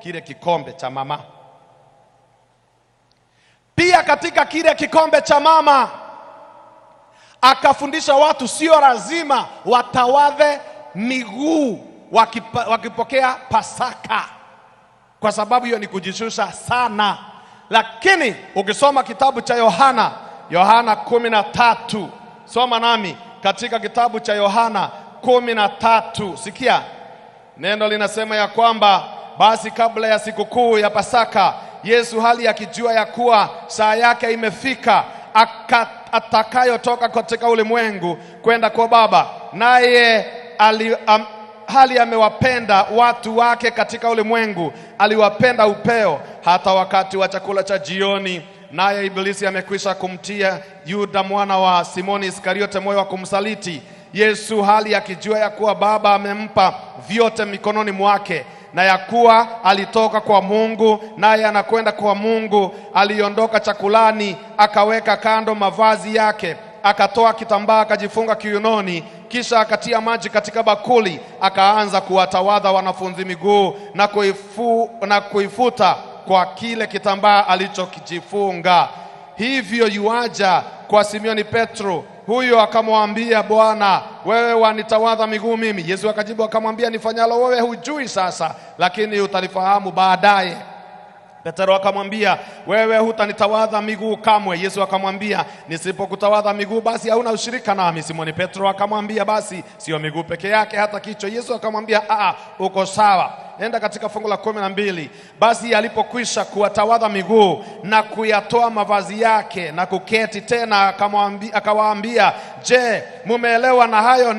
kile kikombe cha mama. Pia katika kile kikombe cha mama akafundisha watu sio lazima watawadhe miguu wakipa, wakipokea Pasaka, kwa sababu hiyo ni kujishusha sana. Lakini ukisoma kitabu cha Yohana, Yohana kumi na tatu, soma nami katika kitabu cha Yohana kumi na tatu, sikia neno linasema ya kwamba basi kabla ya sikukuu ya Pasaka, Yesu hali akijua ya, ya kuwa saa yake imefika atakayotoka katika ulimwengu kwenda kwa Baba, naye hali amewapenda watu wake katika ulimwengu, aliwapenda upeo hata wakati wa chakula cha jioni. Naye Ibilisi amekwisha kumtia Yuda mwana wa Simoni Iskariote moyo wa kumsaliti. Yesu hali akijua ya, ya kuwa Baba amempa vyote mikononi mwake na ya kuwa alitoka kwa Mungu naye anakwenda kwa Mungu. Aliondoka chakulani, akaweka kando mavazi yake, akatoa kitambaa akajifunga kiunoni, kisha akatia maji katika bakuli, akaanza kuwatawadha wanafunzi miguu na, kuifu, na kuifuta kwa kile kitambaa alichokijifunga. Hivyo yuaja kwa Simioni Petro, huyo akamwambia Bwana wewe wanitawadha miguu mimi? Yesu akajibu akamwambia, nifanyalo wewe hujui sasa, lakini utalifahamu baadaye. Petero akamwambia, wewe hutanitawadha miguu kamwe. Yesu akamwambia, nisipokutawadha miguu basi hauna ushirika nami. Simoni Petro akamwambia, basi sio miguu peke yake, hata kichwa. Yesu akamwambia, a, uko sawa nenda katika fungu la kumi na mbili. Basi alipokwisha kuwatawadha miguu na kuyatoa mavazi yake na kuketi tena, akawaambia, je, mumeelewa na hayo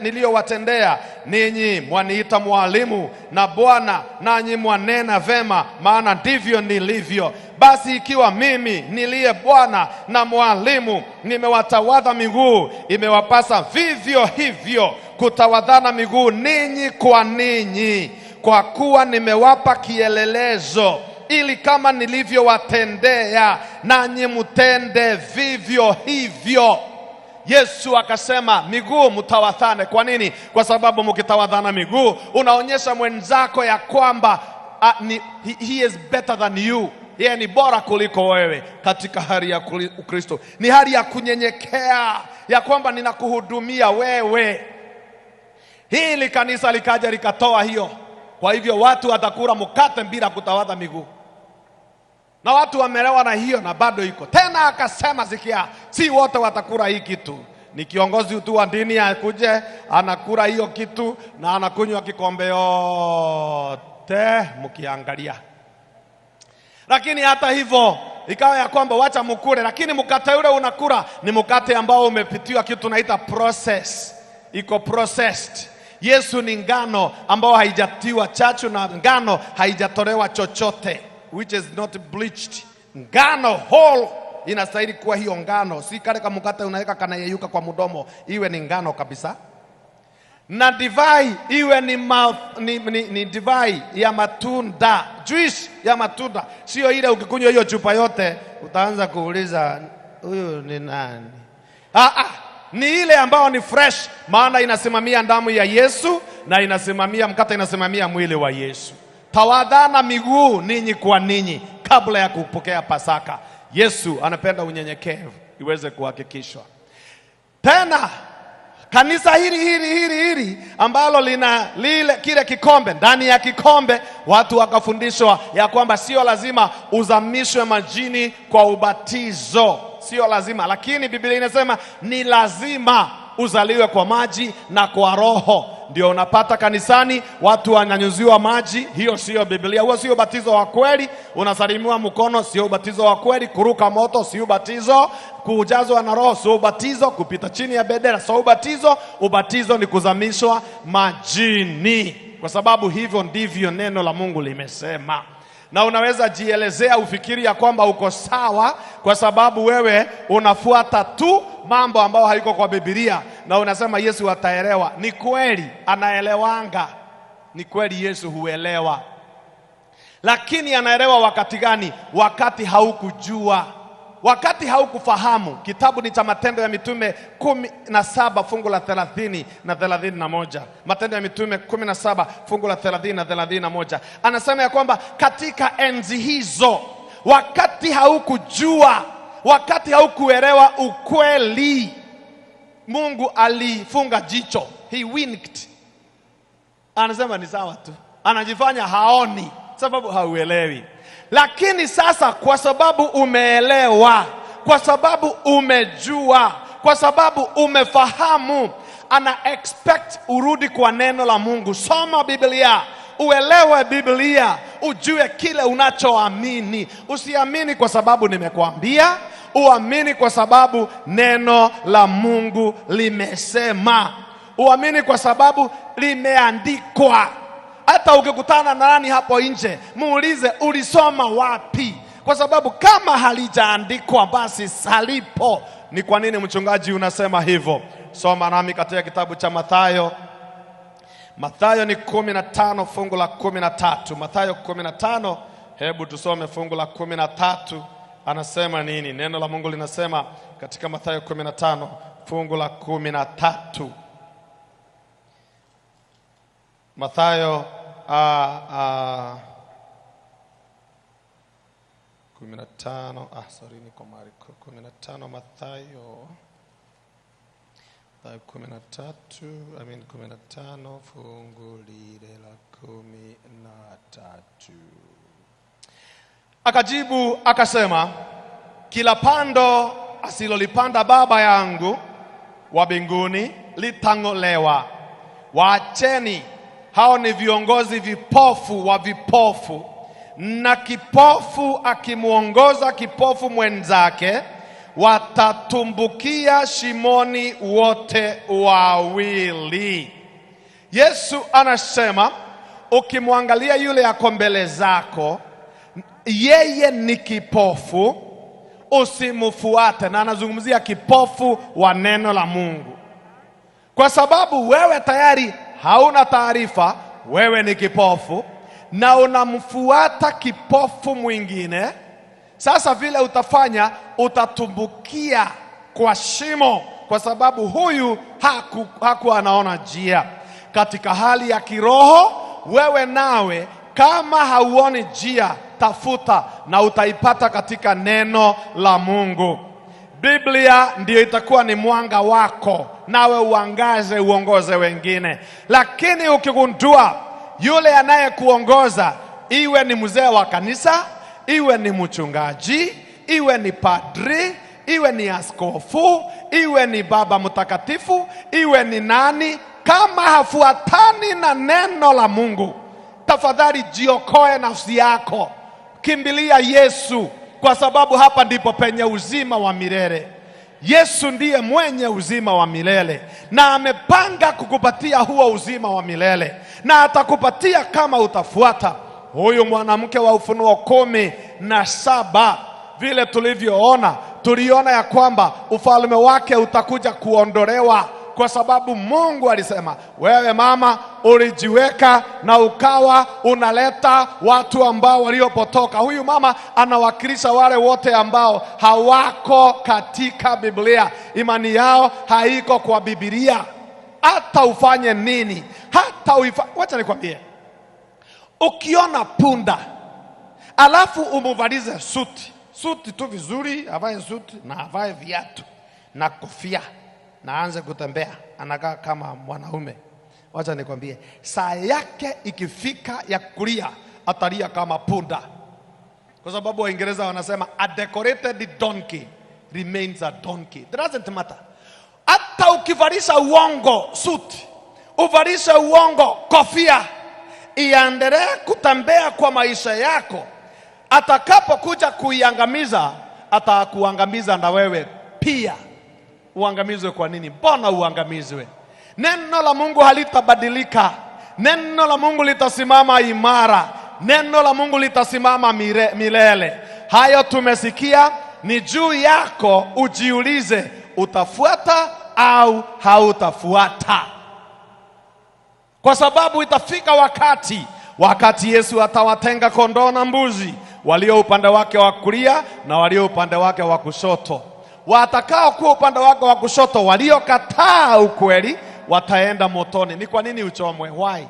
niliyowatendea ninyi? Mwaniita mwalimu na Bwana, nanyi mwanena vema, maana ndivyo nilivyo. Basi ikiwa mimi niliye Bwana na mwalimu nimewatawadha miguu, imewapasa vivyo hivyo kutawadhana miguu ninyi kwa ninyi kwa kuwa nimewapa kielelezo ili kama nilivyowatendea nanyi mtende vivyo hivyo. Yesu akasema miguu mtawadhane. Kwa nini? Kwa sababu mkitawadhana miguu unaonyesha mwenzako ya kwamba a, ah, ni, he is better than you, yeye ni bora kuliko wewe. Katika hali ya Ukristo ni hali ya kunyenyekea ya kwamba ninakuhudumia wewe. Hili kanisa likaja likatoa hiyo kwa hivyo watu watakula mkate bila kutawadha miguu, na watu wamelewa na hiyo, na bado iko tena. Akasema, sikia, si wote watakula hii kitu. Ni kiongozi tu wa dini akuje anakula hiyo kitu na anakunywa kikombe yote mkiangalia, lakini hata hivyo ikawa ya kwamba wacha mukule, lakini mkate ule unakula ni mkate ambao umepitiwa kitu naita process, iko processed Yesu ni ngano ambayo haijatiwa chachu na ngano haijatolewa chochote, which is not bleached. Ngano whole inastahili kuwa hiyo ngano, si kale mkate unaweka kanayeyuka kwa mdomo, iwe ni ngano kabisa na divai iwe ni, mouth, ni, ni, ni divai ya matunda, juice ya matunda, sio ile ukikunywa hiyo chupa yote utaanza kuuliza huyu ni nani? Ah, ah ni ile ambayo ni fresh, maana inasimamia damu ya Yesu na inasimamia mkate, inasimamia mwili wa Yesu. Tawadhana miguu ninyi kwa ninyi kabla ya kupokea Pasaka. Yesu anapenda unyenyekevu iweze kuhakikishwa tena kanisa hili hili hili hili ambalo lina lile kile kikombe ndani ya kikombe, watu wakafundishwa ya kwamba sio lazima uzamishwe majini kwa ubatizo sio lazima, lakini Biblia inasema ni lazima uzaliwe kwa maji na kwa Roho. Ndio unapata kanisani watu wananyunyuziwa maji, hiyo sio Biblia, huo sio ubatizo wa kweli. Unasalimiwa mkono, sio ubatizo wa kweli. Kuruka moto, sio ubatizo. Kujazwa na Roho, sio ubatizo. Kupita chini ya bendera, sio ubatizo. Ubatizo ni kuzamishwa majini, kwa sababu hivyo ndivyo neno la Mungu limesema na unaweza jielezea ufikiri ya kwamba uko sawa, kwa sababu wewe unafuata tu mambo ambayo haiko kwa Biblia na unasema Yesu ataelewa. Ni kweli anaelewanga, ni kweli Yesu huelewa, lakini anaelewa wakati gani? Wakati haukujua wakati haukufahamu. Kitabu ni cha Matendo ya Mitume kumi na saba fungu la thelathini na thelathini na moja Matendo ya Mitume kumi na saba fungu la thelathini na thelathini na moja anasema ya kwamba katika enzi hizo, wakati haukujua, wakati haukuelewa ukweli, Mungu alifunga jicho, he winked. Anasema ni sawa tu, anajifanya haoni sababu hauelewi. Lakini sasa kwa sababu umeelewa, kwa sababu umejua, kwa sababu umefahamu, ana expect urudi kwa neno la Mungu. Soma Biblia, uelewe Biblia, ujue kile unachoamini. Usiamini kwa sababu nimekuambia, uamini kwa sababu neno la Mungu limesema, uamini kwa sababu limeandikwa. Hata ukikutana na nani hapo nje, muulize ulisoma wapi, kwa sababu kama halijaandikwa basi salipo Ni kwa nini mchungaji unasema hivyo? Soma nami katika kitabu cha Mathayo. Mathayo ni kumi na tano fungu la kumi na tatu Mathayo kumi na tano hebu tusome fungu la kumi na tatu anasema nini? Neno la Mungu linasema katika Mathayo kumi na tano fungu la kumi na tatu Mathayo a na tano ah, sorry niko Marko kumi na Mathayo kumi I mean kumi fungu lile la kumi Akajibu akasema, kila pando asilolipanda Baba yangu wa mbinguni litang'olewa. Waacheni hao ni viongozi vipofu wa vipofu, na kipofu akimwongoza kipofu mwenzake watatumbukia shimoni wote wawili. Yesu anasema ukimwangalia yule yako mbele zako, yeye ni kipofu, usimfuate. Na anazungumzia kipofu wa neno la Mungu, kwa sababu wewe tayari hauna taarifa, wewe ni kipofu na unamfuata kipofu mwingine. Sasa vile utafanya, utatumbukia kwa shimo, kwa sababu huyu haku, haku anaona njia. Katika hali ya kiroho, wewe nawe kama hauoni njia, tafuta na utaipata katika neno la Mungu. Biblia ndiyo itakuwa ni mwanga wako nawe uangaze, uongoze wengine. Lakini ukigundua yule anayekuongoza iwe ni mzee wa kanisa, iwe ni mchungaji, iwe ni padri, iwe ni askofu, iwe ni baba mtakatifu, iwe ni nani, kama hafuatani na neno la Mungu, tafadhali jiokoe nafsi yako, kimbilia Yesu, kwa sababu hapa ndipo penye uzima wa milele. Yesu ndiye mwenye uzima wa milele na amepanga kukupatia huo uzima wa milele na atakupatia kama utafuata. Huyu mwanamke wa Ufunuo kumi na saba, vile tulivyoona, tuliona ya kwamba ufalme wake utakuja kuondolewa kwa sababu Mungu alisema, wewe mama ulijiweka na ukawa unaleta watu ambao waliopotoka. Huyu mama anawakilisha wale wote ambao hawako katika Biblia, imani yao haiko kwa Biblia. Hata ufanye nini, hata uifa... wacha nikwambie, ukiona punda alafu umuvalize suti suti tu vizuri, avae suti na avae viatu na kofia na aanze kutembea, anakaa kama mwanaume. Wacha nikwambie, saa yake ikifika ya kulia atalia kama punda, kwa sababu Waingereza wanasema a decorated donkey remains a donkey. It doesn't matter. Hata ukivalisha uongo suit, uvalishe uongo kofia, iendelee kutembea kwa maisha yako, atakapokuja kuiangamiza atakuangamiza na wewe pia. Uangamizwe kwa nini? Mbona uangamizwe? Neno la Mungu halitabadilika. Neno la Mungu litasimama imara. Neno la Mungu litasimama milele. Hayo tumesikia, ni juu yako ujiulize, utafuata au hautafuata, kwa sababu itafika wakati wakati Yesu atawatenga kondoo na mbuzi, walio upande wake wa kulia na walio upande wake wa kushoto watakao kuwa upande wako wa kushoto waliokataa ukweli wataenda motoni. Ni kwa nini uchomwe? Why?